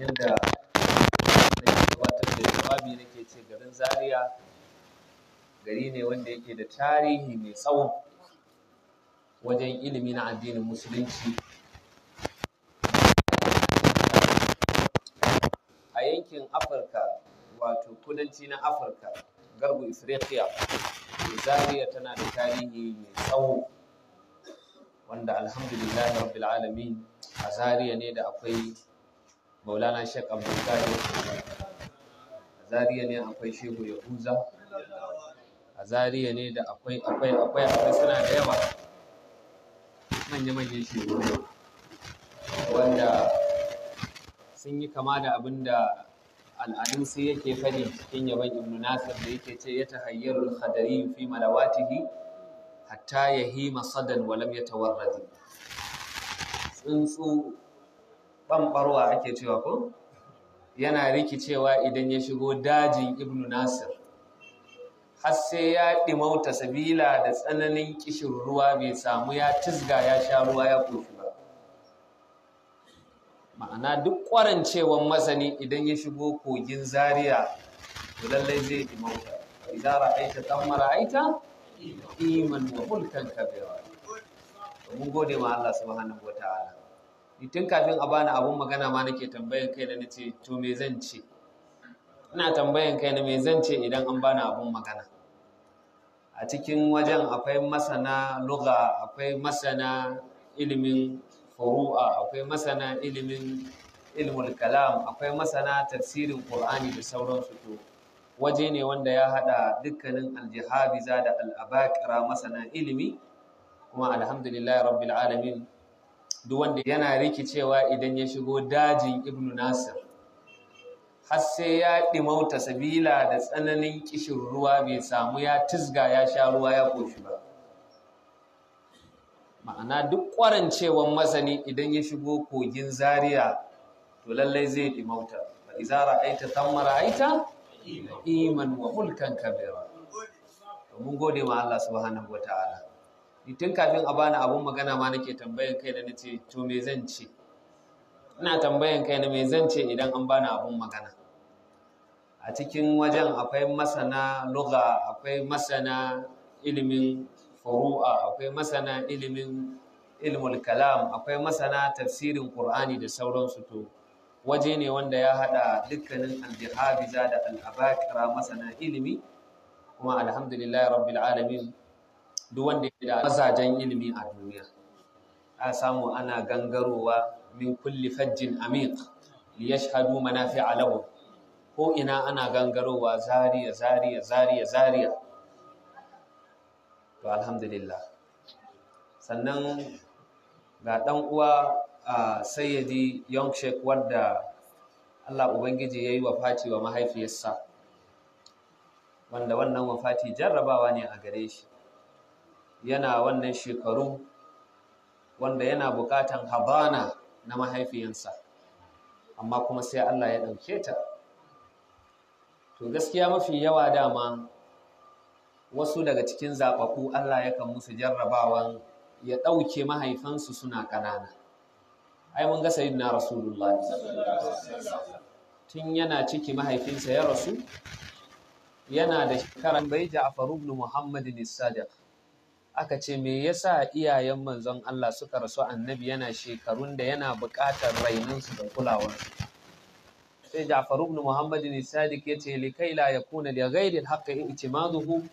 yadda nake gabatar da jawabi nake ce garin Zaria gari ne wanda yake da tarihi mai tsawo wajen ilimi na addinin musulunci a yankin Afirka wato kudanci na Afirka garbu Ifriqiya Zaria tana da tarihi mai tsawo wanda alhamdulillahi rabbil alamin a Zaria ne da akwai maulana shek abdulkadir a zariya ne akwai shehu yahuza a zariya ne da akwai akwai akwai akwai suna da yawa manya-manyan shehu wanda sun yi kama da abin da al'adun sai yake faɗi cikin yaban ibn nasir da yake ce ya tahayyarul khadari fi malawatihi hatta yahima sadan wa lam yatawarradi tsuntsu ɓanɓarwa ake cewa ko yana rikicewa idan ya shigo dajin ibnu nasir har sai ya ɗimauta sabila da tsananin kishin ruwa bai samu ya tisga ya sha ruwa ya kofi ba ma'ana duk ƙwarancewan masani idan ya shigo kogin zaria to lallai zai ɗimauta idan ra'aita kan mara'aita iman wa mulkan kabewa mun gode ma Allah subhanahu wa ta'ala tun kafin a bani abun magana ma nake tambayan kai na nace to me zan ce ina tambayan kaina me zan ce idan an bani abun magana a cikin wajen akwai masana lugha akwai masana ilimin furu'a akwai masana ilimin ilmul kalam akwai masana tafsirin qur'ani da sauransu to waje ne wanda ya haɗa dukkanin aljihabiza da al'abakira masana ilimi kuma alhamdulillah rabbil alamin duk wanda yana rikicewa idan ya shigo dajin Ibn nasir har sai ya ɗimauta sabila da tsananin kishin ruwa bai samu ya tisga ya sha ruwa ya kofi ba ma'ana duk ƙwarancewan masani idan ya shigo kogin zaria to lallai zai ɗimauta ba iza ra'aita tamma ra'aita iman wa mulkan kabira mun gode ma Allah subhanahu wata'ala tun kafin a bani abun magana ma nake tambayan kai na nace to me zan ce ina tambayan kai na me zan ce idan an bani abun magana a cikin wajen akwai masana lugha akwai masana ilimin furu'a akwai masana ilimin ilmul kalam akwai masana tafsirin qur'ani da sauransu to waje ne wanda ya hada dukkanin aljihabiza da al-abakira masana ilimi kuma alhamdulillah rabbil alamin duk wanda ya da mazajen ilimi a duniya a samu ana gangarowa min kulli fajjin amiq li yashhadu manafi'a lahu ko ina ana gangarowa zariya zariya zariya zariya to alhamdulillah sannan ga ɗan uwa a sayyidi young sheik wadda Allah ubangiji yayi wafati wa mahaifiyarsa wanda wannan Fati jarrabawa ne a gare shi yana wannan shekaru wanda yana bukatan habana na mahaifiyansa amma kuma sai Allah ya ɗauke ta to gaskiya mafi yawa dama wasu daga cikin zaɓaɓɓu Allah yakan musu jarrabawan ya ɗauke mahaifansu suna ƙanana ai mun ga sayyidina rasulullah tun yana ciki mahaifinsa ya rasu yana da shekaran bai ja'far ibn muhammadin as-sadiq aka ce me yasa iyayen manzon Allah suka rasu annabi yana shekarun da yana buƙatar rainansu da kulawar sai Ja'far ibn Muhammad ne Sadiq yace likai la yakuna li ghairi al-haqq i'timaduhu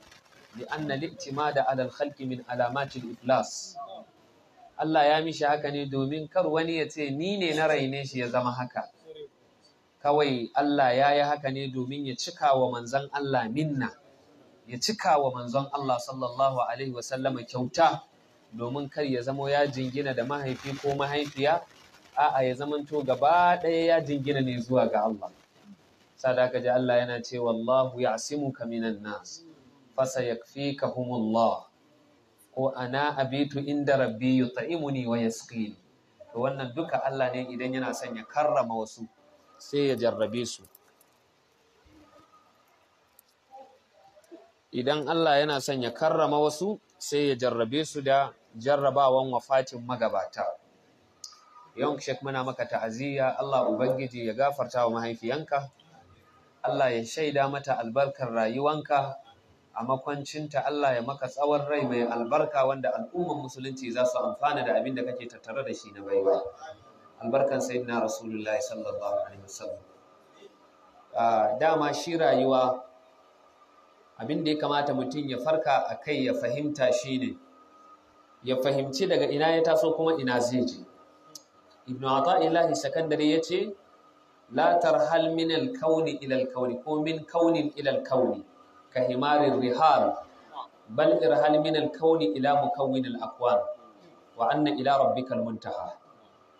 li anna al-i'timada 'ala al-khalqi min alamatil al-iflas Allah ya mishi haka ne domin kar wani ya ce ni ne na raine shi ya zama haka kawai Allah ya yi haka ne domin ya cika wa manzon Allah minna ya cika wa manzon Allah sallallahu alaihi wasallama kyauta domin kar ya zamo ya jingina da mahaifi ko mahaifiya a'a ya zamanto gaba ɗaya ya jingina ne zuwa ga Allah sadaka ji Allah yana ce wallahu ya'simuka minan nas fasayakfikahumullah ko ana abitu inda rabbi yut'imuni wa yasqini to wannan duka Allah ne idan yana son ya karrama wasu sai ya jarrabe su idan Allah yana son ya karrama wasu sai ya jarrabe su da jarrabawan wafatin magabata Yau shek muna maka ta'aziyya Allah ubangiji ya gafarta wa mahaifiyanka Allah ya shaida mata albarkar rayuwanka a makwancinta Allah ya maka tsawon rai mai albarka wanda al'umman musulunci za su amfana da abin da kake tattare da shi na baiwa albarkan na Rasulullah sallallahu alaihi wasallam ah, dama shi rayuwa abin da ya kamata mutum ya farka a kai ya fahimta shi ne ya fahimci daga ina ya taso kuma ina zai je ibn ata'illahi sakandare ya ce la tarhal min al-kauni ila al ko min kaunin ila al-kauni ka himarin rihal bal irhal min al ila mukawwin al-aqwan wa anna ila rabbikal muntaha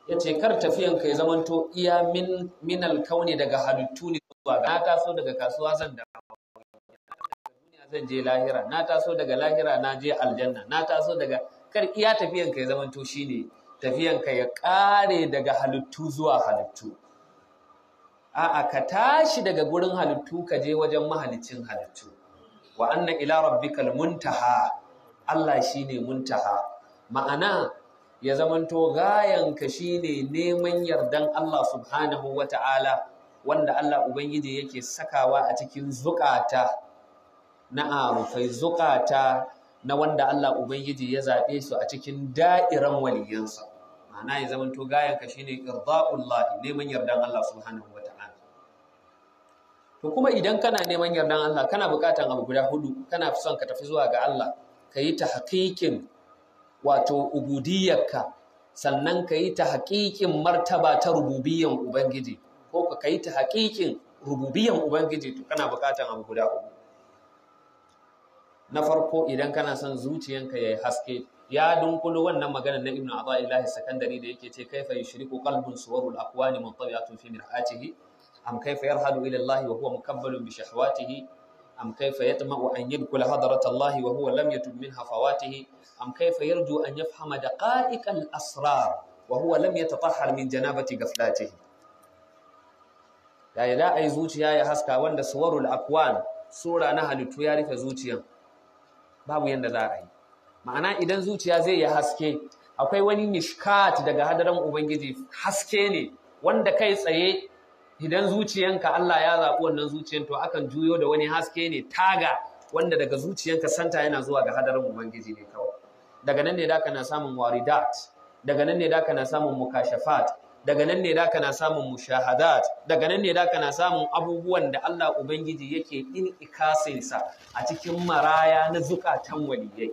yace kar tafiyan ka ya zamanto iya min min al-kauni daga halittu ne zuwa ga na taso daga kasuwa zan da zan je lahira na taso daga lahira na je aljanna na taso daga kar iya tafiyan ka ya to shine tafiyan ka ya kare daga halittu zuwa halittu a'a ka tashi daga gurin halittu ka je wajen mahalicin halittu wa anna ila rabbikal muntaha Allah shine muntaha ma'ana ya zamanto gayanka shine neman yardan Allah subhanahu wata'ala wanda Allah ubangiji yake sakawa a cikin zukata na arufai zukata na wanda Allah Ubangiji ya zaɓe su a cikin da'iran waliyansa ma'ana ya zama to gayanka shine irda'ullahi neman yardan Allah subhanahu wata'ala to kuma idan kana neman yardan Allah kana buƙatan abu guda hudu kana son ka tafi zuwa ga Allah ka yi ta haƙiƙin wato ubudiyyarka sannan ka yi ta haƙiƙin martaba ta rububiyyan ubangiji ko ka yi ta haƙiƙin rububiyyan ubangiji to kana buƙatan abu guda hudu na farko idan kana son zuciyanka ya yi haske ya dunkulo wannan maganar na ibnu ilahi sakandari da yake ce kaifa shiriku qalbun suwarul aqwani muntabi'atun fi mir'atihi am kaifa yarhadu ila allahi wa huwa mukabbalun bi shahwatihi am kaifa yatma'u an yadkhula hadarata allahi wa huwa lam yatub minha fawatihi am kaifa yarju an da daqa'iqal asrar wa huwa lam yatatahhar min janabati ghaflatihi da za a yi zuciya ya haska wanda suwarul akwani, sura na halittu ya rufe zuciyan babu yanda za a yi ma'ana idan zuciya zai yi haske akwai wani mishkat daga hadaran ubangiji haske ne wanda kai tsaye idan zuciyanka Allah ya zaɓi wannan zuciyan to akan juyo da wani haske ne taga wanda daga zuciyanka santa yana zuwa ga hadarin ubangiji ne kawai daga nan ne da kana samun waridat daga nan ne da kana samun mukashafat daga nan ne da na samun mushahadat daga nan ne da na samun abubuwan da Allah ubangiji yake in sa a cikin maraya na zukatan waliyai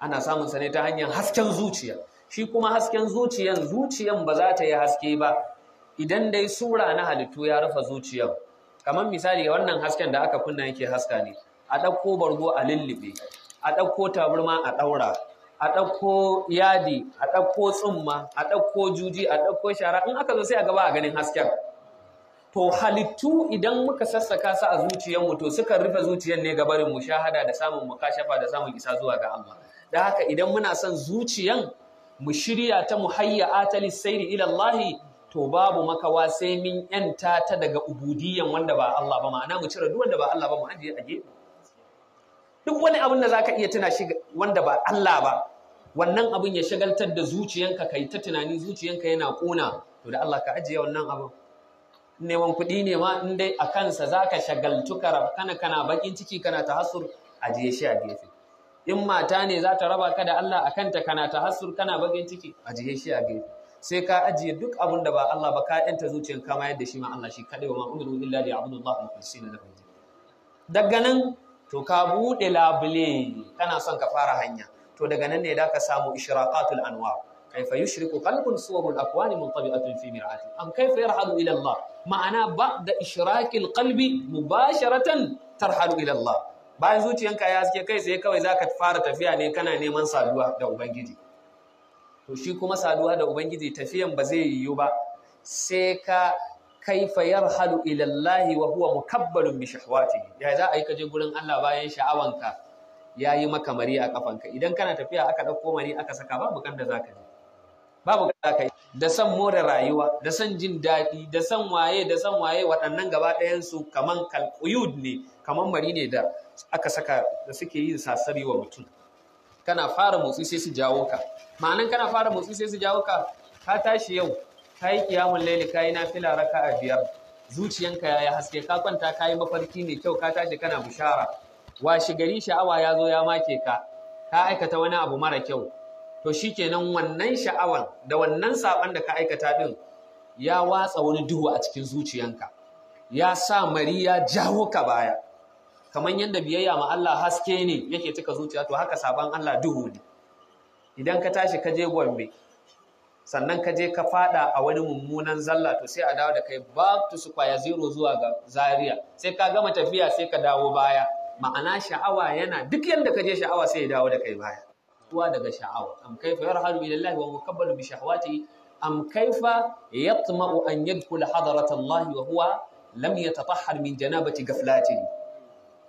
ana samun sa ne ta hanyar hasken zuciya shi kuma hasken zuciyan zuciyan ba za ta yi haske ba idan dai sura na halittu ya rufa zuciyan kamar misali wannan hasken da aka kunna yake haska ne a ɗauko bargo a lullube a ɗauko taburma a ɗaura a ɗauko yadi a ɗauko tsumma a ɗauko juji a ɗauko shara in aka zo sai a gaba a ganin hasken to halittu idan muka sassaka su a zuciyarmu to suka rufe zuciyar ne gabarin shahada, da samun mukashafa da samun isa zuwa ga Allah da haka idan muna son zuciyan mu shirya ta mu muhayya atali sayri ila Allah to babu makawa sai min yanta ta daga ubudiyyan wanda ba Allah ba ma'ana mu cire duk wanda ba Allah ba mu aje a gefe duk wani abin da zaka iya tuna shi wanda ba Allah ba wannan abin ya shagaltar da zuciyanka kai ta tunani zuciyanka yana kona to da Allah ka ajiye wannan abin neman kuɗi ne ma in dai a kansa zaka shagaltu ka kana kana bakin ciki kana ta hasur ajiye shi a gefe in mata ne za ta raba ka da Allah a kanta kana ta hasur kana bakin ciki ajiye shi a gefe sai ka ajiye duk abin da ba Allah ba ka yanta zuciyanka kama yadda shi ma Allah shi kadai wa ma umiru illa li ya'budu Allah al-mukhlisina lahu daga nan to ka buɗe labule kana son ka fara hanya to daga nan ne da ka samu ishraqatul anwa kaifa yushriku qalbun suwarul akwani muntabi'atun fi mir'atin am kaifa yarhalu ila Allah ma'ana ba da ishraqil qalbi mubasharatan tarhalu ila Allah bayan zuciyanka ya haske kai sai kawai zaka fara tafiya ne kana neman saduwa da ubangiji to shi kuma saduwa da ubangiji tafiyan ba zai yiwu ba sai ka kaifa yarhalu ila Allah wa huwa mukabbalun bi shahwatihi ya za a yi kaje gurin Allah bayan sha'awanka yayi maka mari a kafanka idan kana tafiya aka dauko mari aka saka babu kan da zaka je babu kan da da san more rayuwa da san jin daɗi da san waye da san waye waɗannan gaba ɗayansu, su kaman kalquyud ne kaman mari ne da aka saka da suke yin sasari wa mutum kana fara motsi sai su jawo ka ma'anan kana fara motsi sai su jawo ka ka tashi yau ka yi kiyamun laili ka yi nafila raka a biyar zuciyanka ya yi haske ka kwanta ka yi mafarki ne kyau ka tashi kana bushara shi gari sha'awa ya zo ya make ka ka aikata wani abu mara kyau to shikenan wannan sha'awar da wannan saban da ka aikata din ya watsa wani duhu a cikin zuciyanka ya sa mari ya jawo ka baya kamar yadda biyayya ma Allah haske ne yake cika zuciya to haka saban Allah duhu ne idan ka tashi ka je Gombe sannan ka je ka fada a wani mummunan zalla to sai a dawo da kai back to square zero zuwa ga zaria sai ka gama tafiya sai ka dawo baya ma'ana sha'awa yana duk yanda ka je sha'awa sai ya dawo da kai baya tuwa daga sha'awa am kaifa yarhalu ila Allah wa mukabbalu bi shahawati am kaifa yatma'u an yadkhula hadrat Allah wa huwa lam yatatahhar min janabati ghaflatihi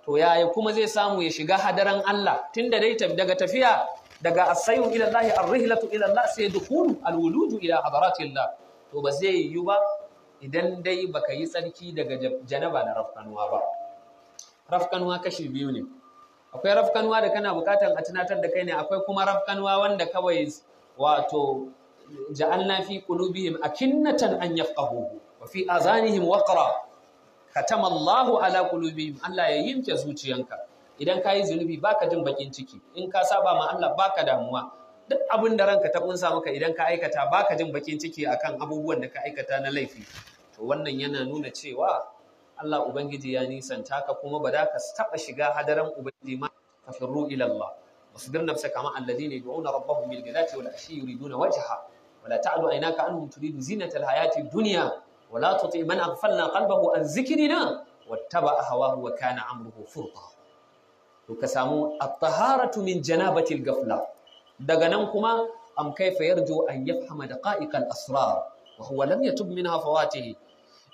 to yaya kuma zai samu ya shiga hadaran Allah tunda dai daga tafiya daga asayu ila Allah arrihlatu ila Allah sai dukhulu alwuludu ila hadaratillah to ba zai yi ba idan dai baka yi tsarki daga janaba da rafkanuwa ba rafkanuwa kashi biyu ne akwai rafkanuwa da kana bukatan a tunatar da kai ne akwai kuma rafkanuwa wanda kawai wato ja'alna fi qulubihim akinnatan an yafqahu wa fi azanihim waqra khatama Allahu ala kulubihim Allah ya yinke zuciyanka idan ka yi zunubi baka jin bakin ciki in ka saba ma Allah baka damuwa duk abin da ranka ta kunsa maka idan ka aikata baka jin bakin ciki akan abubuwan da ka aikata na laifi to wannan yana nuna cewa Allah ubangiji ya nisanta ka kuma ba za ka taba shiga hadaran ubangiji ma ka firru ila Allah wasbir nafsaka ma alladhina yad'una rabbahum bil ghadati wal ashi yuriduna wajha wala ta'du aynaka anhum turidu zinata al hayati dunya wala tuti man aghfalna qalbahu an dhikrina wattaba hawahu wa kana amruhu furta to ka samu at-taharatu min janabatil ghafla daga nan kuma am fa yarju an yafhama daqa'iq al-asrar wa huwa lam yatub minha fawatihi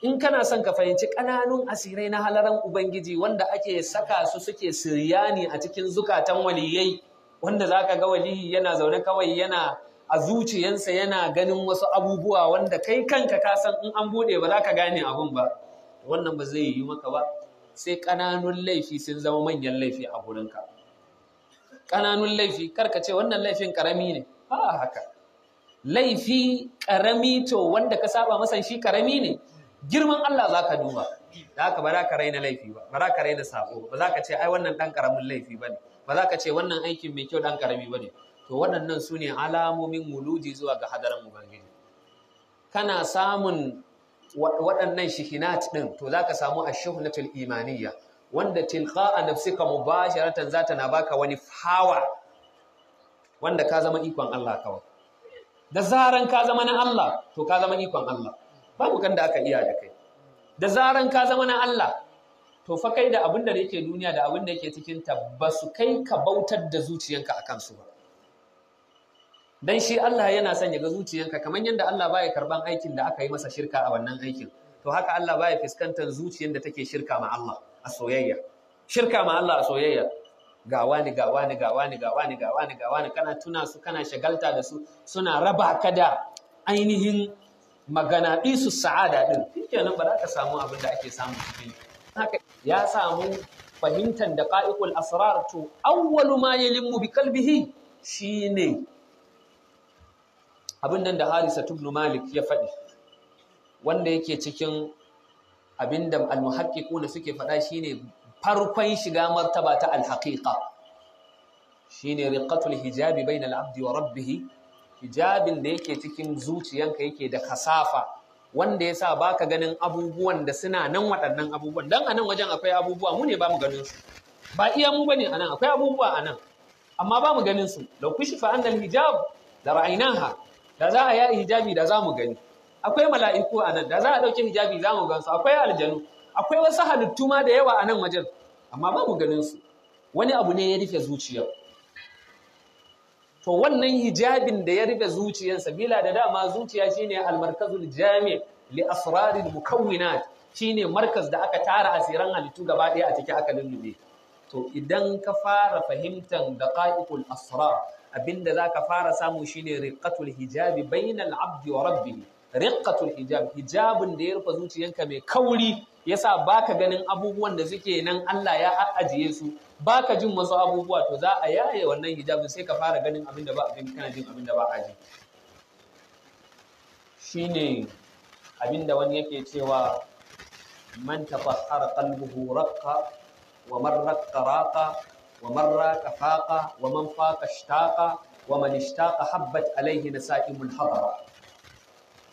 in kana son ka fahimci ƙananun asirai na halaran ubangiji wanda ake saka su suke siryani a cikin zukatan waliyai wanda zaka ga waliyi yana zaune kawai yana a zuciyansa yana ganin wasu abubuwa wanda kai kanka ka san in an bude ba za ka gane abun ba wannan ba zai yi maka ba sai ƙananun laifi sun zama manyan laifi a gurinka ƙananun laifi karka ce wannan laifin ƙarami ne ha haka laifi ƙarami to wanda ka saba masa shi ƙarami ne girman Allah za ka duba da haka ba za ka raina laifi ba ba za ka raina sabo ba za ka ce ai wannan ɗan ƙaramin laifi ba ne ba za ka ce wannan aikin mai kyau ɗan ƙarami ba ne to waɗannan su ne alamomin wuluji zuwa ga hadarin ubangiji kana samun waɗannan shihinat ɗin to za ka samu a na imaniyya wanda tilka a nafsika mu ba mubasharatan za ta na baka wani hawa wanda ka zama ikon Allah kawai da zaran ka zama na Allah to ka zama ikon Allah babu kan da aka iya da kai da zaran ka zama na Allah to fa kai da abin da yake duniya da abin da yake cikin ta ba su kai ka bautar da zuciyanka akan su ba dan shi Allah yana son ya ga zuciyanka kamar yadda Allah baya karban aikin da aka yi masa shirka a wannan aikin to haka Allah baya fuskantar zuciyar da take shirka ma Allah a soyayya shirka ma Allah a soyayya ga wani ga wani ga wani ga wani ga wani ga wani kana tuna su kana shagalta da su suna raba ka da ainihin magana su sa'ada din shikenan ba za ka samu abin da ake samu cikin haka ya samu fahimtar da qa'iqul asrar to awwalu ma yalimmu bi kalbihi shine abin nan da harisa ibn malik ya faɗi wanda yake cikin abin da almuhaqqiquna suke faɗa shi ne farkon shiga martaba ta shi ne riqatul hijabi bainal abdi wa rabbih hijabin da yake cikin zuciyanka yake da kasafa wanda ya sa ba ka ganin abubuwan da suna nan waɗannan abubuwan don a nan wajen akwai abubuwa mu ne ba mu ganin su ba iya mu bane a nan akwai abubuwa a nan amma ba mu ganin su lau kushi fa annal hijab da ra'ainaha da za a yayi hijabi da za mu gani akwai mala'iku a nan da za a ɗauki hijabi za mu gansu akwai aljanu akwai wasu halittu ma da yawa a nan wajen amma ba mu ganinsu. wani abu ne ya rufe zuciyar to wannan hijabin da ya rufe zuciyar sabila da dama zuciya shine almarkazul jami li asraril mukawwinat shine markaz da aka tara asiran halittu gaba ɗaya a cikin aka lullube to idan ka fara fahimtar daqa'iqul asrar abinda za ka fara samu shine riqatul hijabi bainal abdi wa rabbihi riqatul hijabi. hijabin da ya rufe zuciyanka mai kauri yasa baka ganin abubuwan da suke nan Allah ya ajiye su baka jin wasu abubuwa to za a yaye wannan hijabin sai ka fara ganin abin da ba abin kana jin abin da ba a ji shine abin da wani yake cewa man tafahara qalbuhu raqqa wa man raqqa wa man raqa faqa wa man faqa ishtaqa wa man ishtaqa habbat alaihi nasaimul hadara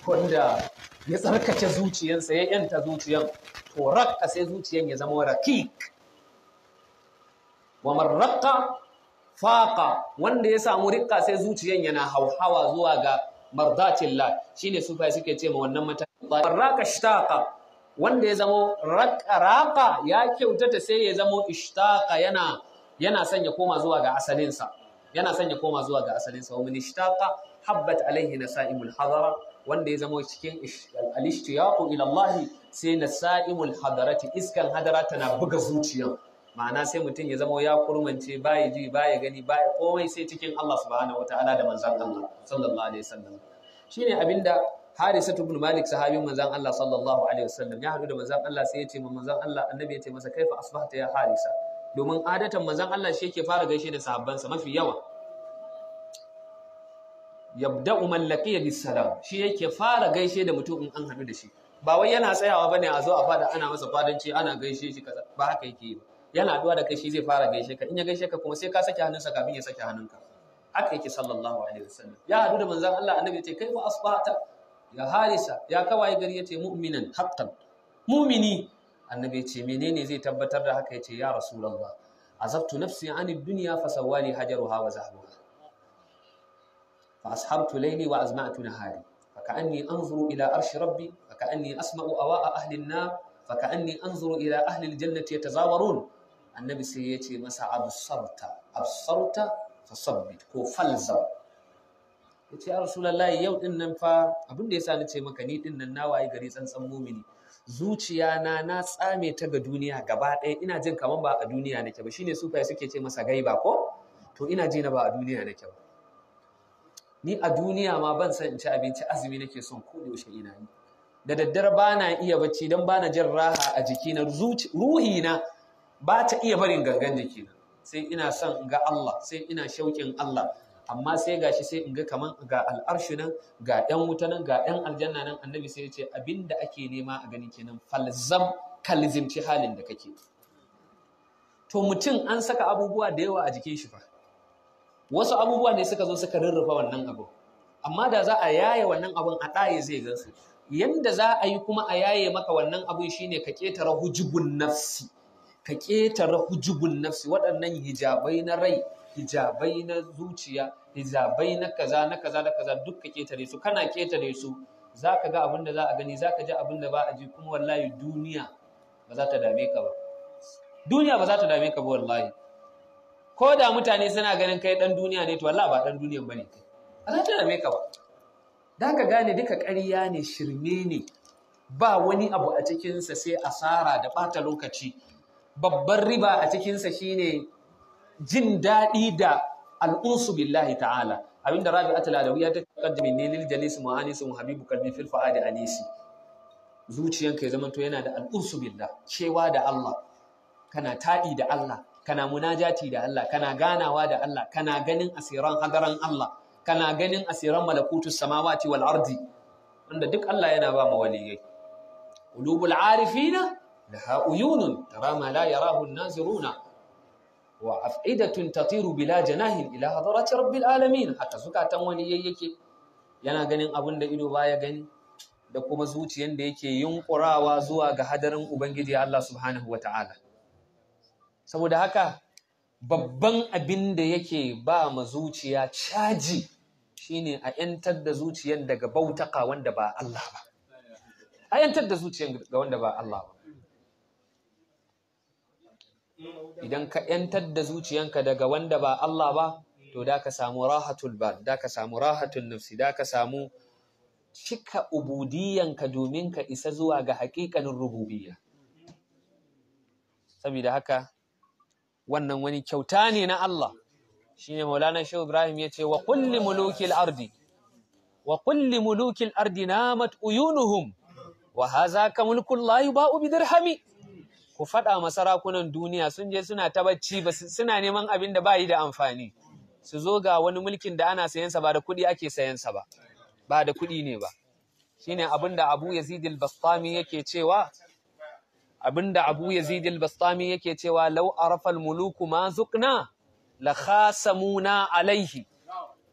wanda ya tsarkace zuciyansa ya yanta zuciyan to raqqa sai zuciyan ya zama raqiq wa man raqqa wanda ya samu riqqa sai zuciyan yana hauhawa zuwa ga mardatillah shine sufai suke ce ma wannan mata raqa ishtaqa wanda ya zamo raƙa ya kyautata sai ya zamo ishtaqa yana yana son ya koma zuwa ga asalinsa yana son ya koma zuwa ga asalinsa wa min ishtaqa habbat alaihi nasaimul hadara wanda ya zama cikin al-ishtiyaqu ila Allah sai nasaimul hadarati iskan hadara tana buga zuciya ma'ana sai mutum ya zama ya kurmance baya ji baya gani baya komai sai cikin Allah subhanahu wataala da manzon Allah sallallahu alaihi wasallam shine abinda Harisa ibn Malik sahabin manzon Allah sallallahu alaihi wasallam ya haɗu da manzan Allah sai ya ce manzan Allah annabi ya ce masa kaifa asbahta ya Harisa domin adatan manzan Allah shi yake fara gaishe da sahabbansa mafi yawa yabda'u man laqiya bis salam shi yake fara gaishe da mutum in an hadu da shi ba wai yana tsayawa bane a zo a fada ana masa fadanci ana gaishe shi kaza ba haka yake yi ba yana addu'a da kai shi zai fara gaishe ka in ya gaishe ka kuma sai ka sake hannunsa kafin ya sake hannunka haka yake sallallahu alaihi wasallam ya hadu da manzan Allah annabi ya ce kai fa ya harisa ya kawai gari ya ce mu'minan haqqan mu'mini annabi ya ce menene zai tabbatar da haka ya ce ya rasulullah azabtu nafsi anid dunya fasawali hajaruha wa zahabuha fa ashabtu layli wa azma'tu nahari fa ka'anni anzuru ila arshi rabbi fa ka'anni asma'u awa'a ahli an-nar fa ka'anni anzuru ila ahli al-jannati yatazawarun annabi sai yace masa absarta absarta fasabbit ko falzam ya ce ya rasulallah yau din nan fa abin da ya sa ce maka ni din nan na waye gari tsantsan mumini zuciya na na tsame ta ga duniya gaba ɗaya ina jin kamar ba a duniya nake ba shine sufaye suke ce masa gaiba ko to ina ji na ba a duniya nake ba ni a duniya ma ban san in ci abinci azumi nake son ko yaushe ina yi da daddare ba na iya bacci dan ba na jin raha a jikina ruhina ba ta iya barin gangan jikina sai ina son ga Allah sai ina shauƙin Allah amma sai ga shi sai in ga kaman ga al'arshi nan ga yan wuta nan ga yan aljanna nan annabi sai ya ce da ake nema a gani kenan falzam kalzimci halin da kake to mutum an saka abubuwa da yawa a jikin shi fa wasu abubuwa ne suka zo suka rurrufa wannan abu amma da za a yaye wannan abun a ɗaye zai gansu yanda za a yi kuma a yaye maka wannan abun shine ka ƙetare hujubun nafsi ka ƙetare hujubun nafsi waɗannan hijabai na rai hijabai na zuciya hijabai na kaza na kaza da kaza duk ketare su kana ketare su za ka ga abin da za a gani za ka ji abin da ba a ji kuma wallahi duniya ba za ta dame ka ba duniya ba za ta dame ka ba wallahi ko da mutane suna ganin kai dan duniya ne to wallahi ba dan duniya bane kai ba za ta dame ka ba da ka gane duka ƙarya ne shirme ne ba wani abu a cikinsa sai asara da ɓata lokaci babban riba a cikinsa shine jin daɗi da al'unsu billahi ta'ala abinda rabi'atu ladawiya ta kaddame ne lil jalis mu'anisu habibu kalbi da fa'adi anisi zuciyanka ya zamanto yana da al'unsu billah cewa da Allah kana taɗi da Allah kana munajati da Allah kana ganawa da Allah kana ganin asiran hadaran Allah kana ganin asiran malakutus samawati wal ardi wanda duk Allah yana ba mu waliyai qulubul arifina laha uyunun tara la yarahu an-naziruna wa af'idatun tatiru bila janahin ila hadratir rabbil alamin haka zukatan wani yayyake yana ganin abin da ido baya gani da kuma zuciyar da yake yunkurawa zuwa ga hadarin ubangiji Allah subhanahu wata'ala saboda haka babban abin da yake ba ma zuciya caji shine a yantar da zuciyan daga bautaka wanda ba Allah ba a yantar da zuciyar ga wanda ba Allah ba idan ka ‘yantar da zuciyanka daga wanda ba Allah ba to da ka samu rahatul ba, da ka samu rahatul Nufsi, da ka samu cika ubudiyanka domin ka isa zuwa ga haƙiƙanin rububiya. saboda haka wannan wani kyauta ne na Allah shine maulana shehu ibrahim ya ce wa kulli mulukil ardi wa kulli mulukil ardi namat uyunuhum wa haza ka mulkun la ku faɗa ma sarakunan duniya sun je suna ta bacci suna neman abin da ba yi da amfani su zo ga wani mulkin da ana sayansa ba da kuɗi ake sayansa ba ba da kuɗi ne ba shine abin da Abu Yazid al-Bastami yake cewa abin da Abu Yazid al-Bastami yake cewa law arafa al-muluku ma zuqna la khasamuna alaihi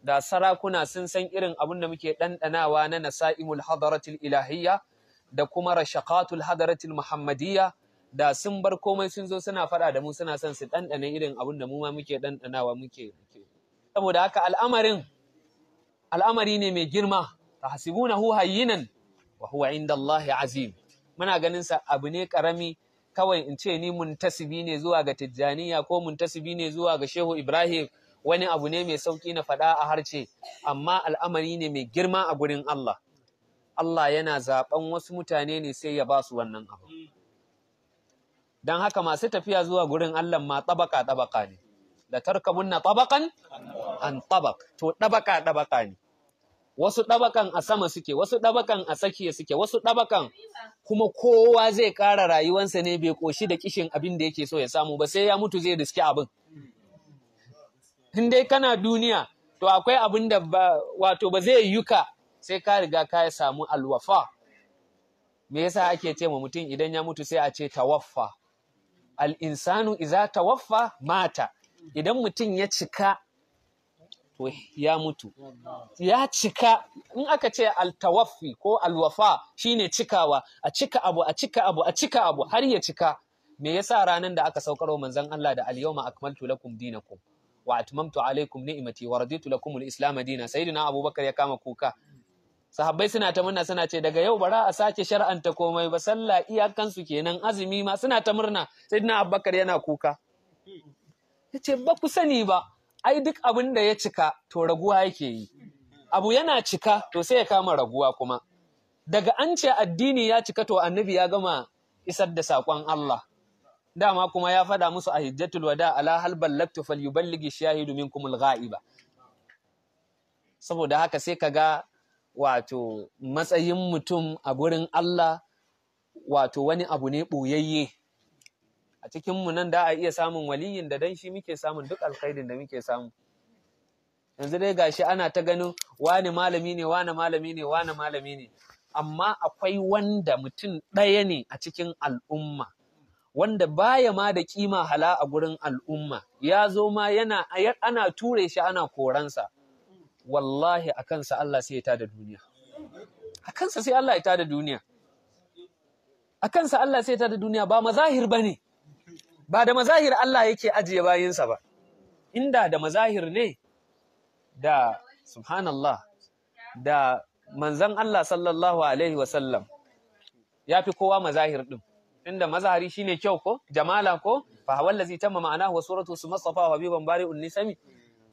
da sarakuna sun san irin abin da muke ɗanɗanawa na nasa'imul hadaratul ilahiyya da kuma rashaqatul hadaratul muhammadiyya da sun bar komai sun zo suna faɗa da mu suna son su ɗanɗana irin abin da mu ma muke ɗanɗanawa muke saboda haka al'amarin al'amari ne mai girma hasibu na huwa yinan wa huwa inda Allah azim muna ganin sa abu ne karami kawai in ce ni muntasibi ne zuwa ga Tijjaniya ko muntasibi ne zuwa ga Shehu Ibrahim wani abu ne mai sauki na faɗa a harce amma al'amari ne mai girma a gurin Allah Allah yana zaɓen wasu mutane ne sai ya ba su wannan abu don haka masu tafiya zuwa gurin Allah ma tabaka tabaka ne la na tabakan an tabak to tabaka tabaka ne wasu tabakan a sama suke, wasu ɗabakan a tsakiya suke, wasu ɗabakan kuma kowa zai ƙara rayuwansa ne bai ƙoshi da kishin abin da yake so ya samu ba sai ya mutu zai riski abin. In dai kana duniya, to akwai abin da ba, wato ba zai yuka sai ka riga ka samu alwafa. Me yasa ake ce ma mutum idan ya mutu sai a ce tawaffa. al'insanu iza waffa mata idan mutum ya cika to ya mutu ya cika in aka ce altawaffi ko alwafa shine cikawa a cika abu a cika abu a cika abu har ya cika me yasa ranar da aka saukar wa manzon Allah da al-yawma akmaltu lakum dinakum wa atmamtu alaikum ni'mati wa raditu lakum al-islam dinan sayyidina abubakar ya kama kuka sahabbai suna ta murna suna ce daga yau bara a sake shar'anta komai ba sallah iyakansu kenan azumi ma suna ta murna sai na abubakar yana kuka ce ba ku sani ba ai duk abin da ya cika to raguwa yake yi abu yana cika to sai ya kama raguwa kuma daga an ce addini ya cika to annabi ya gama isar da saƙon Allah dama kuma ya faɗa musu a hijjatul wada ala hal ballagtu falyuballigi shahidu minkumul ghaiba saboda haka sai kaga wato matsayin mutum a gurin Allah wato wani abu ne ɓoyayye a cikinmu nan da a iya samun waliyin da dan shi muke samun duk alkhairin da muke samu yanzu dai gashi ana ta ganin wani malami ne wani malami ne wani malami ne amma akwai wanda mutum ɗaya ne a cikin al'umma wanda baya ma da kima hala a gurin al'umma ya zo ma yana ana ture shi ana koransa wallahi a kansa Allah sai ya tada duniya a kansa sai Allah ya tada duniya a kansa Allah sai ya tada duniya ba mazahir ne. ba da mazahir Allah yake ajiye bayinsa ba inda da mazahir ne da subhanallah da manzan Allah sallallahu alaihi wasallam ya fi kowa mazahir ɗin. inda mazahari shine kyau ko jamala ko fa hawallazi tamma ma'ana wa suratu su mustafa wa biban bari'un nisami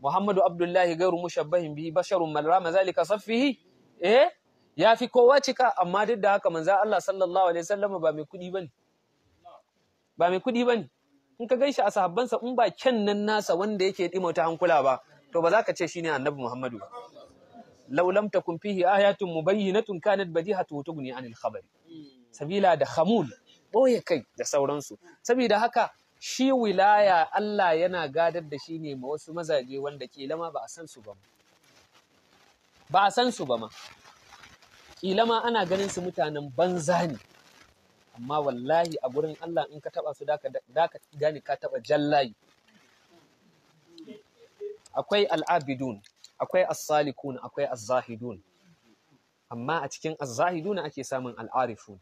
Muhammadu Abdullahi gairu mushabbahin bihi basharun man rama zalika saffihi eh ya fi kowa cika amma duk da haka manzo Allah sallallahu alaihi wasallam ba mai kudi bane ba mai kudi bane in ka gaishe a sahabbansa in ba kyan nan nasa wanda yake ta hankula ba to ba za ka ce shine annabi Muhammadu ba law lam takun fihi ayatun mubayyinatun kanat badihatu tugni anil khabari sabila da khamul boye kai da sauransu sabida haka shi wilaya Allah yana gadar da shi ne ma wasu mazaje wanda kila ba a san su ba ba a san su ba ma kilama ana ganin su mutanen banza ne amma wallahi a gurin Allah in ka taba su daka gane ka taba jallayi akwai al'abidun akwai as-salikun akwai az-zahidun amma a cikin az-zahidun ake samun al'arifun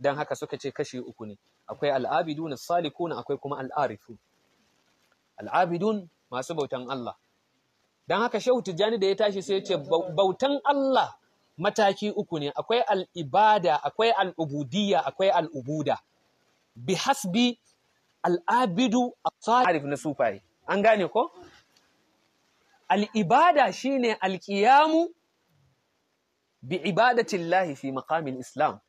dan haka suka ce kashi uku ne akwai al'abidun na akwai kuma al'arifu al'abidun masu bautan Allah don haka shehu tijjani da ya tashi sai ce bautan Allah mataki uku ne akwai al'ibada akwai al'ubudiyya akwai al'ubuda bi hasbi al'abidu al'arif na sufaye an gane ko al'ibada shine alƙiyamu bi ibadatin fi maƙamin islam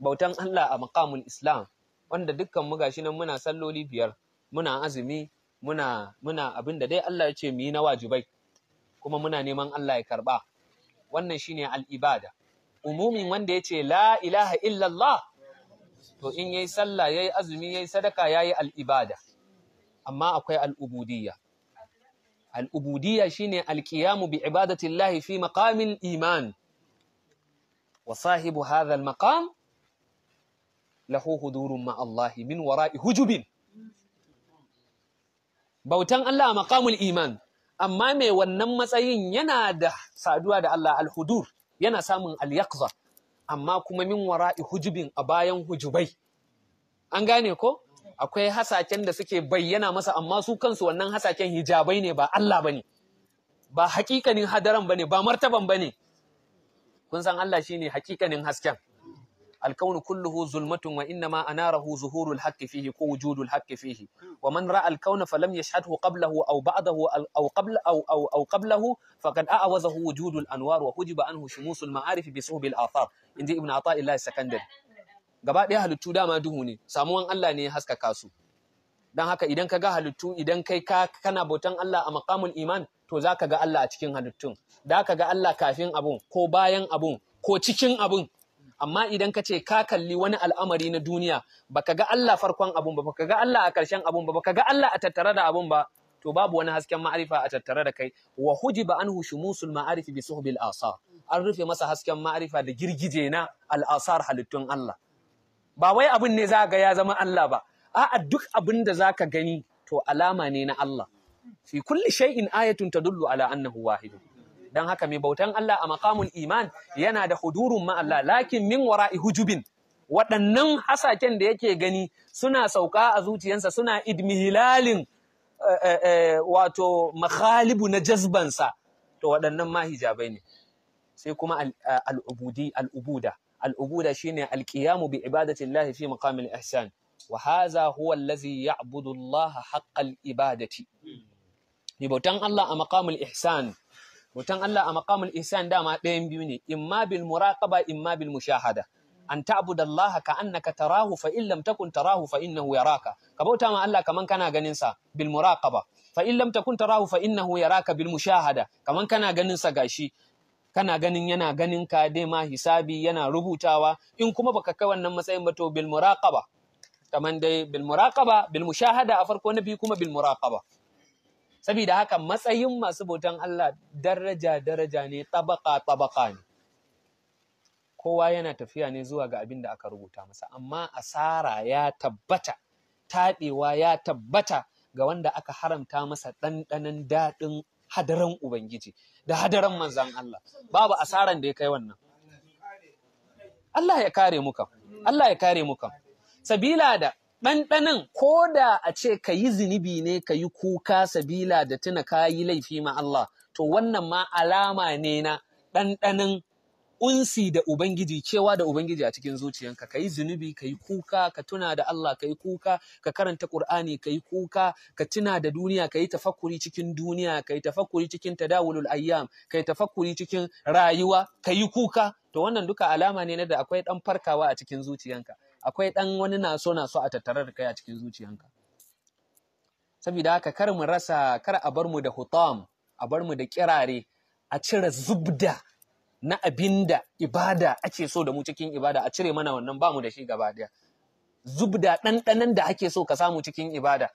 bautan Allah a makamin islam wanda dukkan mu gashi nan muna salloli biyar muna azumi muna muna abin da dai Allah ya ce mu yi na wajibai kuma muna neman Allah ya karba wannan shine al-ibada umumin wanda ya ce la ilaha illallah to in yayi sallah yayi azumi yayi sadaka yayi al-ibada amma akwai al-ubudiyya al-ubudiyya shine al-qiyamu bi ibadati fi maqamil iman wa sahibu hadha al-maqam lahu hudurun ma'allahi min wara'i hujubin bautan Allah a iman amma mai wannan matsayin yana da saduwa da Allah alhudur yana samun al amma kuma min wara'i hujubin a bayan hujubai an gane ko akwai hasaken da suke bayyana masa amma su kansu wannan hasaken hijabai ne ba Allah bane ba hakikanin hadaran bane ba martaban bane kun san Allah shine hakikanin hasken الكون كله ظلمة وإنما أناره ظهور الحق فيه ووجود الحق فيه ومن رأى الكون فلم يشهده قبله أو بعده أو قبل أو أو أو قبله فقد أعوزه وجود الأنوار وحجب عنه شموس المعارف بصحب الآثار عند ابن عطاء الله السكندري gaba ɗaya halittu dama duhu ne samuwan Allah ne ya haskaka su don haka idan ka ga halittu idan kai ka kana bautan Allah a maqamul iman to za ka ga Allah a cikin halittun da ka ga Allah kafin abun ko bayan abun ko cikin abun amma idan ka ce ka kalli wani al'amari na duniya baka ga Allah farkon abun ba baka ga Allah a ƙarshen abun ba baka ga Allah a tattare da abun ba to babu wani hasken ma'arifa a tattare da kai wa hujiba anhu shumusul ma'arifi bi suhbil asar an rufe masa hasken ma'arifa da girgije na al'asar halittun Allah ba wai abun ne za ga ya zama Allah ba a'a duk abin da zaka gani to alama ne na Allah fi kulli shay'in ayatun tadullu ala annahu wahidun dan haka mai bautan Allah a maqamul iman yana da hudurun ma Allah lakin min wara'i hujubin waɗannan hasaken da yake gani suna sauka a zuciyarsa suna idmihilalin eh, eh, eh, wato makhalibu na jazbansa to waɗannan ma hijabai ne sai kuma al'ubudi al'ubuda al'ubuda shine alqiyamu bi ibadatillahi fi maqamil ihsan wa hadha huwa allazi ya'budu Allah haqqal ibadati ni bautan Allah a maqamul ihsan Mutan Allah a maqamul ihsan dama ɗayan biyu ne, imma bil muraqaba imma bil mushahada. An ta'budu Allah ka annaka tarahu fa in lam takun tarahu fa innahu yaraka. Ka bauta ma Allah kaman kana ganin sa bil muraqaba. Fa in lam takun tarahu fa innahu yaraka bil mushahada. Kaman kana ganin sa gashi. kana ganin yana ganin ka dai ma hisabi yana rubutawa in kuma baka kai wannan matsayin ba to bil muraqaba kaman dai bil muraqaba bil mushahada a farko na biyu kuma bil muraqaba Sabida haka matsayin masu bautan Allah daraja daraja ne tabaka tabaka ne kowa yana tafiya ne zuwa ga abin da aka rubuta masa amma asara ya tabbata taɓewa ya tabbata ga wanda aka haramta masa ɗanɗanon daɗin hadaran Ubangiji da hadaran manzan Allah babu asaran da ya kai wannan Allah ya kare mu Allah ya kare muka. sabila da ɗanɗanin ko da a ce ka yi zunubi ne ka yi kuka sabila da tuna ka yi laifi ma Allah to wannan ma alama ne na ɗanɗanin unsi da Ubangiji cewa da Ubangiji a cikin zuciyanka ka yi zunubi ka yi kuka ka tuna da Allah ka yi kuka ka karanta ƙur'ani ka yi kuka ka tuna da duniya ka yi tafakkuri cikin duniya ka yi tafakkuri cikin tadawulul ayyam ka yi tafakkuri cikin rayuwa ka yi kuka to wannan duka alama ne na da akwai ɗan farkawa a cikin zuciyanka akwai ɗan wani naso naso a tattare da kai a cikin zuciyanka saboda haka kar mu rasa kar a bar mu da hutam a bar mu da kirare a cire zubda na abinda ibada ake so da mu cikin ibada a cire mana wannan ba mu da shi gaba daya zubda ɗanɗanan da ake so ka samu cikin ibada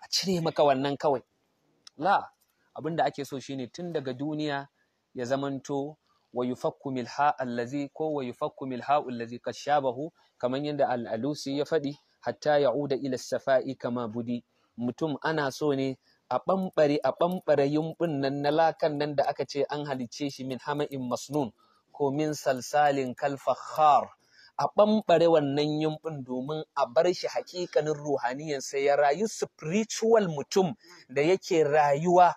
a cire maka wannan kawai la abinda ake so shine tun daga duniya ya zamanto wa yufakku milha allazi ko wa yufakku milha allazi qad shabahu kaman yanda al-alusi ya faɗi hatta ya'uda ila safai kama budi mutum ana so ne a ɓamɓare a ɓamɓare yumɓin nan na lakan nan da aka ce an halicce shi min hama'in masnun ko min salsalin kalfakhar a ɓamɓare wannan yumɓin domin a bar shi haƙiƙanin ruhaniyan sai ya rayu spiritual mutum da yake rayuwa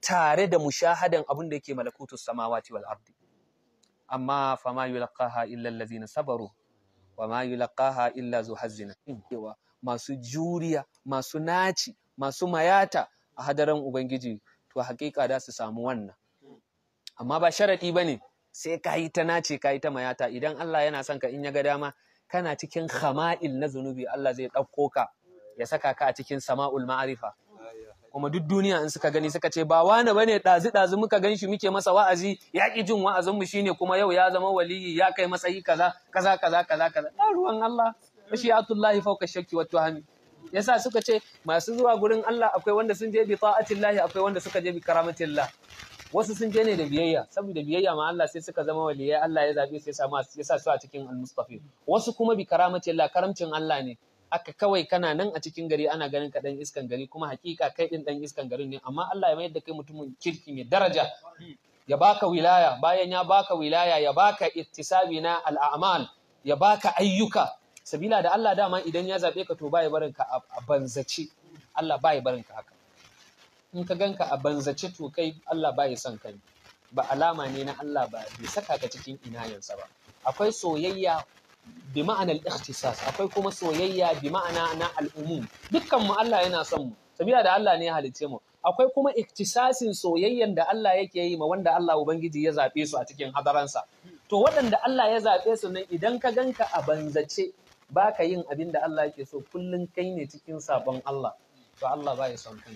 tare da mushahadan abun da yake malakutu samawati wal ardi amma fa ma yulqaha illa allazina sabaru wa ma yulqaha illa zu hazzina cewa masu juriya masu naci masu mayata a hadaran ubangiji to hakika da su samu wannan amma ba sharadi bane sai ka yi ta nace ka yi ta mayata idan Allah yana son ka in ya ga dama kana cikin khama'il na zunubi Allah zai ɗauko ka ya saka ka a cikin sama'ul ma'arifa kuma duk duniya in suka gani suka ce ba wani bane dazi dazi muka gan shi muke masa wa'azi ya ki jin wa'azin mu shine kuma yau ya zama waliyi ya kai matsayi kaza kaza kaza kaza kaza da ruwan Allah mashiyatullahi fawqa shakki wa tuhami yasa suka ce masu zuwa gurin Allah akwai wanda sun je bi ta'atillahi akwai wanda suka je bi karamatillah wasu sun je ne da biyayya saboda biyayya ma Allah sai suka zama waliyai Allah ya zabe sai ya sa su a cikin al-mustafi wasu kuma bi karamatillah karamcin Allah ne haka kawai kana nan a cikin gari ana ganin ka dan iskan gari kuma hakika kai din dan iskan garin ne amma Allah ya mayar da kai mutumin kirki mai daraja ya baka wilaya bayan ya baka wilaya ya baka ittisabi na al'amal ya baka ayyuka sabila da Allah dama idan ya zabe ka to bai barin ka a banzace Allah bai barin ka haka in ka ganka a banzace to kai Allah bai son kai ba alama ne na Allah ba bai saka ka cikin inayansa ba akwai soyayya bi ma'anar ikhtisas akwai kuma soyayya bi ma'ana na al'umum dukkan mu Allah yana son mu saboda da Allah ne ya halicce mu akwai kuma iktisasin soyayyan da Allah yake yi ma wanda Allah ubangiji ya zabe su a cikin hadaransa to waɗanda Allah ya zabe su nan idan ka ganka a banzace baka yin abin da Allah yake so kullun kai ne cikin sabon Allah to Allah ba ya son kai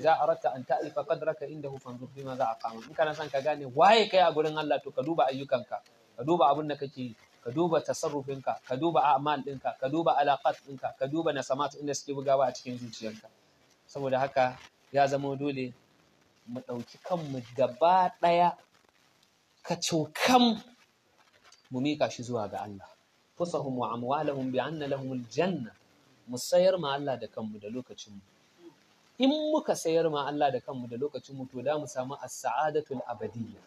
za a rata an ta'ifa qadraka indahu fanzur bima za a kama in kana son ka gane waye kai a gurin Allah to ka duba ayyukanka ka duba abin da kake yi ka duba tasarrufinka ka duba a'mal ɗinka ka duba alaqat ɗinka ka duba nasamat inda suke bugawa a cikin zuciyarka saboda haka ya zama dole mu ɗauki kanmu gaba ɗaya ka cokan mu mika shi zuwa ga Allah fusahum wa amwalahum bi anna lahumul janna mu sayar ma Allah da kanmu da lokacinmu in muka sayar ma Allah da kanmu da lokacinmu to da mu samu as-sa'adatul abadiyya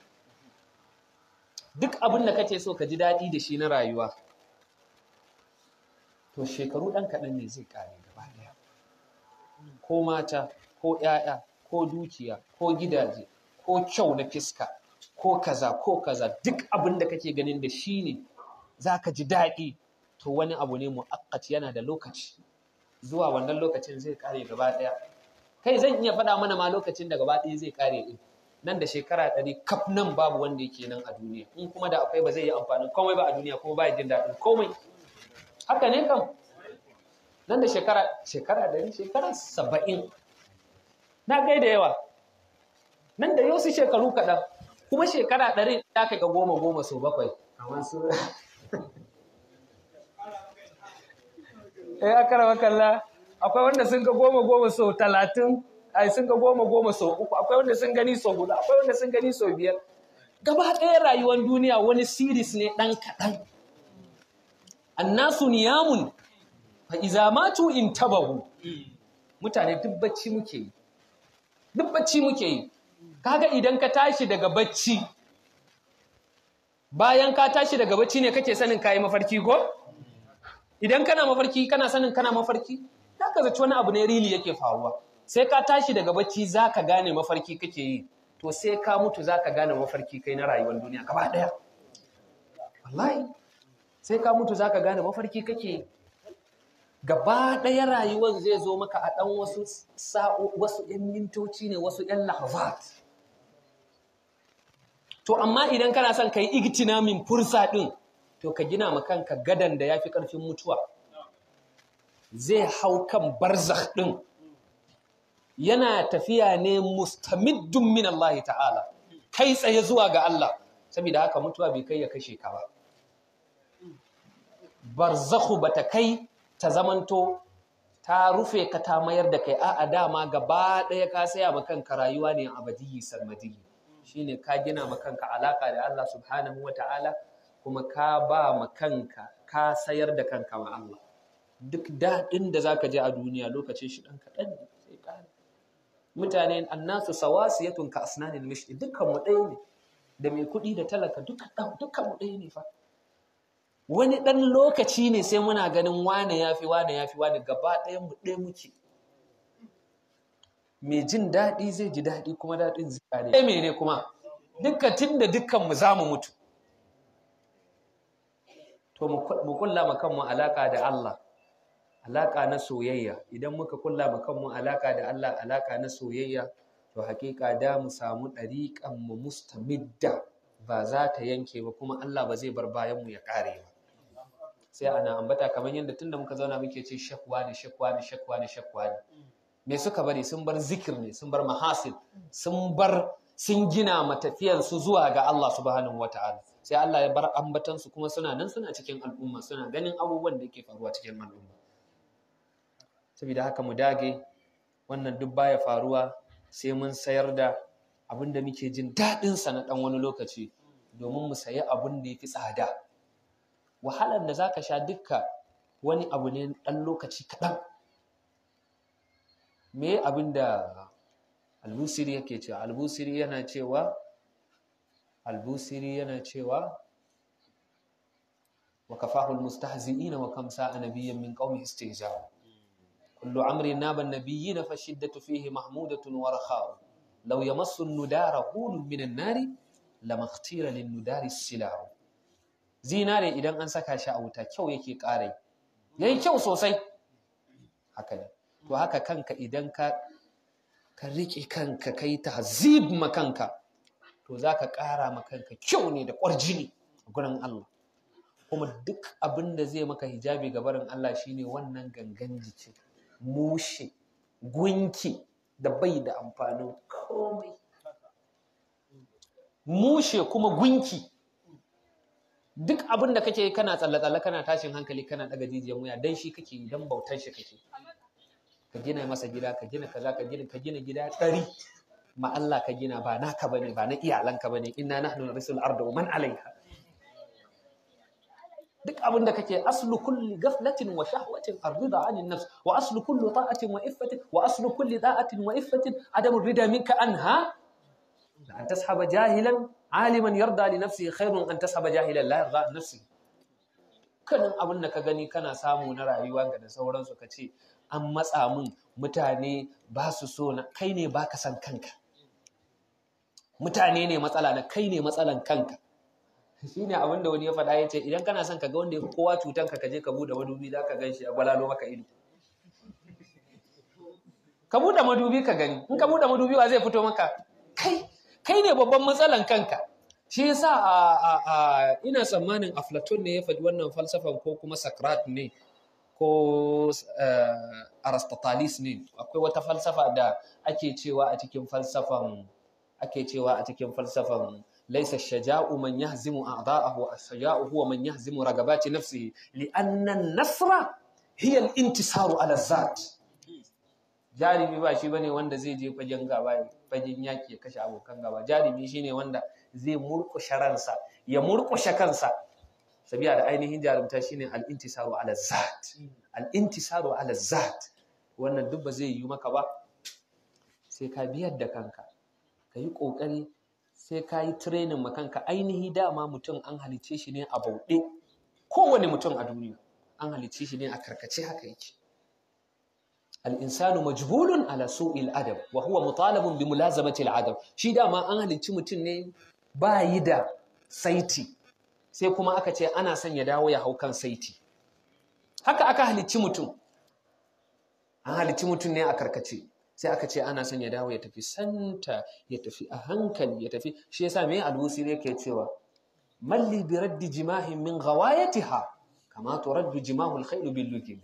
duk abin da kake so ka ji daɗi da shi na rayuwa to shekaru ɗan kaɗan ne zai ƙare gaba ɗaya ko mata ko ‘ya'ya ko dukiya ko gidaje ko kyau na fiska ko kaza ko kaza duk abin da kake ganin da shi ne za ka ji daɗi to wani abu ne mu'akkat yana da lokaci zuwa wannan lokacin zai ƙare gaba ɗaya kai zan iya faɗa mana ma lokacin da gaba ɗaya zai ƙare ɗin nan da shekara ɗari kaf nan babu wanda yake nan a duniya in kuma da akwai ba zai yi amfanin komai ba a duniya kuma ba ya jin daɗin komai haka ne kan? nan da shekara shekara ɗari shekara saba'in na kai da yawa nan da yau su shekaru kaɗan kuma shekara ɗari ta kai ga goma goma sau bakwai eh akara wakalla akwai wanda sun ka goma goma sau talatin ai sun ga goma goma sau uku akwai wanda sun gani sau hudu akwai wanda sun gani sau biyar gaba ɗaya rayuwar duniya wani siris ne ɗan kaɗan annasu niyamun fa iza matu in tabahu mutane duk bacci muke yi duk bacci muke yi kaga idan ka tashi daga bacci bayan ka tashi daga bacci ne kake sanin kayi mafarki ko idan kana mafarki kana sanin kana mafarki zaka zaci wani abu ne rili yake faruwa sai ka tashi daga bacci za ka gane mafarki kake yi to sai ka mutu za ka gane mafarki kai na rayuwar duniya gaba ɗaya wallahi sai ka mutu za ka gane mafarki kake yi gaba ɗaya rayuwar zai zo maka a ɗan wasu sa'o wasu ‘yan mintoci ne wasu ‘yan lahazat to amma idan kana son ka yi igtinamin fursa ɗin to ka gina ma kanka gadan da ya fi ƙarfin mutuwa zai hau kan barzakh ɗin yana tafiya ne mustamiddun min Allah ta'ala kai tsaye zuwa ga Allah saboda haka mutuwa bai kai ya kashe ka ba barzakhu bata kai ta zamanto ta rufe ka ta mayar da kai a'a dama gaba ɗaya ka saya ma kanka rayuwa ne abadiyi salmadiyi shine ka gina ma kanka alaka da Allah subhanahu wata'ala kuma ka ba ma kanka ka sayar da kanka ma Allah duk daɗin da zaka je a duniya lokacin shi ɗan kaɗan ne mutane annasu sawasiyatun ka asnanin mishti dukkan mu ɗaya ne da mai kuɗi da talaka dukkan mu ɗaya ne fa wani ɗan lokaci ne sai muna ganin wane ya fi wane ya fi wane gaba ɗayan mu ɗaya muke mai jin daɗi zai ji daɗi kuma daɗin zai kare ɗaya ne kuma dukkan tun da dukkan mu za mu mutu to mu kulla mu kanmu alaƙa da Allah Alaƙa na soyayya idan muka kulla ma kanmu alaka da Allah alaka na soyayya to hakika da mu samu ɗariƙan mu mustamidda ba za ta yanke ba kuma Allah ba zai bar bayan mu ya kare ba sai ana ambata kamar yadda tunda muka zauna muke ce shakwa ne shakwa ne shakwa ne shakwa ne me suka bari sun bar zikir ne sun bar mahasid sun bar sun gina su zuwa ga Allah subhanahu wata'ala sai Allah ya bar ambatansu kuma suna nan suna cikin al'umma suna ganin abubuwan da ke faruwa cikin al'umma saboda haka mu dage wannan duk baya faruwa sai mun sayar da abin da muke jin daɗin sa na ɗan wani lokaci domin mu sayi abin da ya fi tsada wahalar da zaka sha dukka wani abu ne ɗan lokaci kaɗan me abin da albusiri yake cewa albusiri yana cewa albusiri yana cewa wa kafahu almustahzi'ina wa kam sa'a nabiyyan min qaumi istihza'a kullu amrin naban nabiyyin fa shiddatu fihi mahmudatun wa rakha'u law yamassu an-nudara hulun min nari lamakhtira idan an saka shi a wuta kyau yake ƙarai yayi kyau sosai haka ne to haka kanka idan ka ka riƙe kanka kai tahzib ma kanka to zaka ƙara ma kanka kyau ne da ƙwarjini gurin Allah kuma duk abin da zai maka hijabi ga barin Allah shine wannan gangan jikin Mushe, gunki da bai da amfanin komai mushe kuma gunki duk abin da kake kana tsalle-tsalle kana tashin hankali kana daga jijiyar wuya dan shi kake dan bautar shi kake ka gina masa gida ka gina kaza ka gina ka gina gida ɗari ma Allah ka gina ba naka bane ba na iyalanka bane inna nahnu rasul arda man alaiha duk abin da kake aslu kulli ghaflatin wa shahwatin arrida 'anil nafs wa aslu kulli ta'atin wa iffatin wa aslu kulli da'atin wa iffatin adamu rida minka anha an tashaba jahilan aliman yarda li nafsi khairun an tashaba jahilan la yarda nafsi kanin abin da ka gani kana samu na rayuwa ga da sauransu ka ce an matsa min mutane ba su so na kai ne ba ka san kanka mutane ne matsala na kai ne matsalan kanka shine abin da wani ya faɗa ya ce idan kana son ka ga wanda ya kowa cutan ka kaje ka buɗe madubi za ka gan shi a gwalalo maka ido ka buɗe madubi ka gani in ka buɗe madubi wa zai fito maka kai kai ne babban matsalan kanka shi yasa a ina tsammanin aflaton ne ya faɗi wannan falsafan ko kuma sakrat ne ko eh, aristotalis ne akwai wata falsafa da ake cewa a cikin falsafan ake cewa a cikin falsafan ليس الشجاع من يهزم أعداءه الشجاع هو من يهزم رغبات نفسه لأن النصر هي الانتصار على الذات jarumi ba shi bane wanda zai je fagen yaƙi ya kashe abokan gaba jarumi shine wanda zai murkushe ransa ya murkushe kansa sabiya da ainihin jarumta shine al-intisaru ala zat al-intisaru wannan duk ba zai yi maka ba sai ka biyar da kanka ka yi ƙoƙari sai ka yi training ma kanka ainihi dama mutum an halice shi ne a bauɗe kowane mutum a duniya an halice shi ne a karkace haka yake al'insanu majhulun ala su'il adam wa huwa mutalabun bi mulazamati al'adam shi dama an halicci mutum ne ba yi da saiti sai kuma aka ce ana son ya dawo ya hau kan saiti haka aka halicci mutum an halicci mutum ne a karkace sai aka ce ana son ya dawo ya tafi santa ya tafi a hankali ya tafi shi yasa me alwusi ne yake cewa malli bi raddi jimahin min ghawayatiha kama raddu jimahu al-khayl bil lukim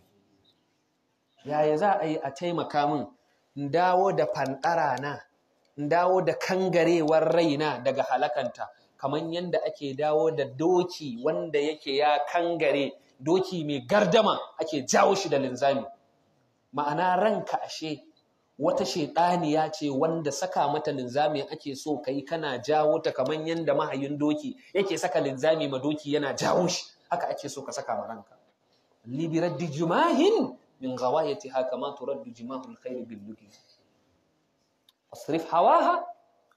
yaya za a yi a taimaka min in dawo da fandara na in dawo da kangarewar raina daga halakanta kamar yadda ake dawo da doki wanda yake ya kangare doki mai gardama ake jawo shi da linzami ma'ana ranka ashe wata shaidaniya ce wanda saka mata linzami ake so kai kana jawo ta kamar yanda mahayin doki yake saka linzami ma doki yana jawo shi haka ake so ka saka ma ranka raddi jumahin min ghawayatiha kama turaddu jimahul khair bil luki asrif hawaha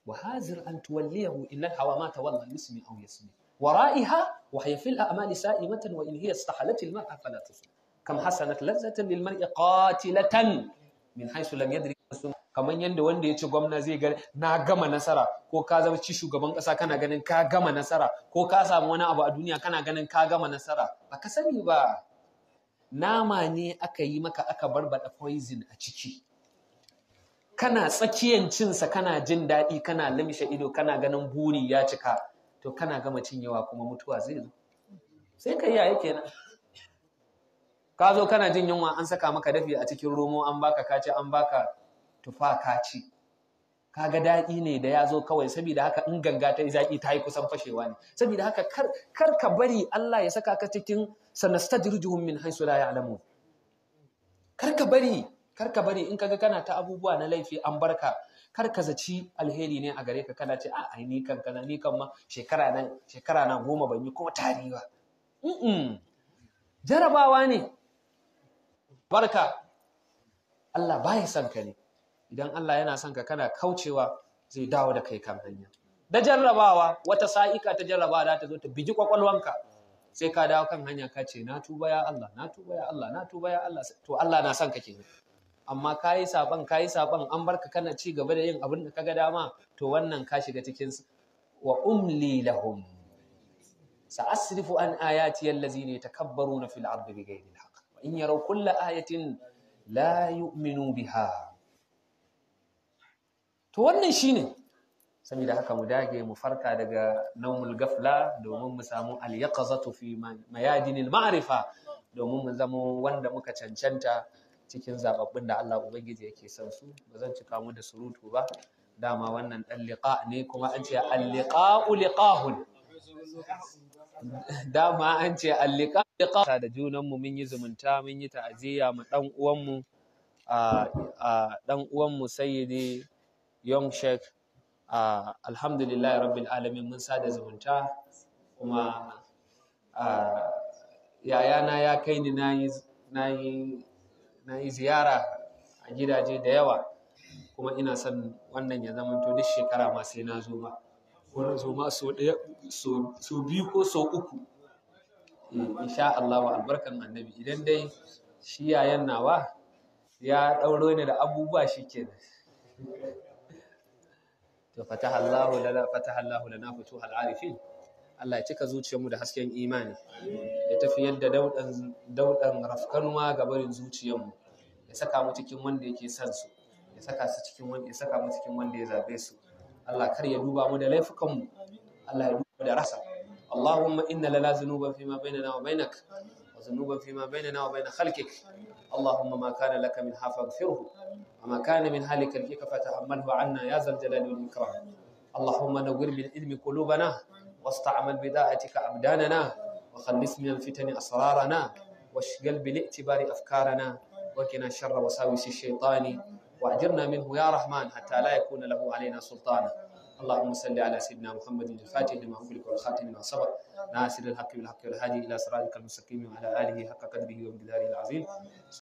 wa hazir an tuwalliyahu innal hawa ma tawalla ismi aw yasmi ورائها وهي في الأعمال سائمة وإن هي استحلت المرأة فلا تصل كم حسنت لذة للمرء قاتلة min haisu lam yadri kamar yadda wanda ya ci gwamna zai ga na gama nasara ko ka zama shugaban kasa kana ganin ka gama nasara ko ka samu wani abu a duniya kana ganin ka gama nasara ba ka sani ba nama ne aka yi maka aka barbada poison a ciki kana tsakiyan cinsa kana jin daɗi kana limshe ido kana ganin buri ya cika to kana gama cin yawa kuma mutuwa zai zo sai ka yi na. ka zo kana jin yunwa an saka maka dafi a cikin romo an baka kaci an baka tufa kaci Ka ga daɗi ne da ya zo kawai saboda haka in ganga ta yi zaƙi ta yi kusan fashewa ne saboda haka kar ka bari Allah ya saka ka cikin sanasta jirjihun min haisu la ya'lamu kar ka bari kar ka bari in kaga kana ta abubuwa na laifi an barka kar ka zaci alheri ne a gare ka kana ce a ai ni kan kana ni kan ma shekara na shekara nan goma ban yi kuma tari ba jarabawa ne barka Allah baya son ka ne idan Allah yana son ka kana kaucewa zai dawo da kai kan hanya da jarrabawa wata sa'ika ta jarrabawa za ta zo ta biji kwakwalwanka sai ka dawo kan hanya ka ce na tuba ya Allah na tuba ya Allah na tuba ya Allah to Allah na son ka kenan amma ka yi saban ka yi saban an barka kana ci gaba da yin abin da kaga dama to wannan ka shiga cikin wa umli lahum sa'asrifu an ayati allazina yatakabbaruna fil ardi bighayril haqq in yi kulla ayatin la yu'minu biha to wannan shine saboda haka mu dage mu farka daga naumul gafla domin mu samu al zato fi mayadinin maarifa, domin mu zamo wanda muka cancanta cikin zababbin da Allah ubangiji yake son su ba zan cika mu da surutu ba dama wannan ɗan liƙa ne kuma an ce al-liqa'u dama an ce al da junanmu mun yi zumunta mun yi ta'aziyya mu ɗan uwanmu a uwanmu sayyidi young sheikh alhamdulillah rabbil alamin mun sada zumunta kuma yayana ya kai ni na yi ziyara a gidaje da yawa kuma ina son wannan ya zama to duk shekara ma sai na zo ba wani zo ma so biyu ko so uku insha Allah wa albarkan annabi idan dai shi yayan nawa ya dauro ne da abubuwa shi da. to fataha Allahu lana fataha Allahu lana futuhal arifin Allah ya cika zuciyarmu da hasken imani ya tafi yadda daudan daudan rafkanwa ga barin zuciyarmu ya saka mu cikin wanda yake son su ya saka su cikin wanda ya saka mu cikin wanda ya zabe su Allah kar ya duba mu da laifukanmu Allah ya duba da rasa اللهم إنا لنا ذنوبا فيما بيننا وبينك وذنوبا فيما بيننا وبين خلقك اللهم ما كان لك من فاغفره وما كان من هالك الجيك فتحمله عنا يا ذا الجلال والإكرام اللهم نور بالعلم قلوبنا واستعمل بداعتك أبداننا وخلص من الفتن أسرارنا واشغل بالاعتبار أفكارنا وكنا شر وساوس الشيطان واجرنا منه يا رحمن حتى لا يكون له علينا سلطانا اللهم صل على سيدنا محمد الفاتح لما أغلق والخاتم لما صبر ناصر الحق بالحق والهادي إلى صراطك المستقيم وعلى آله حق قدره وبداره العظيم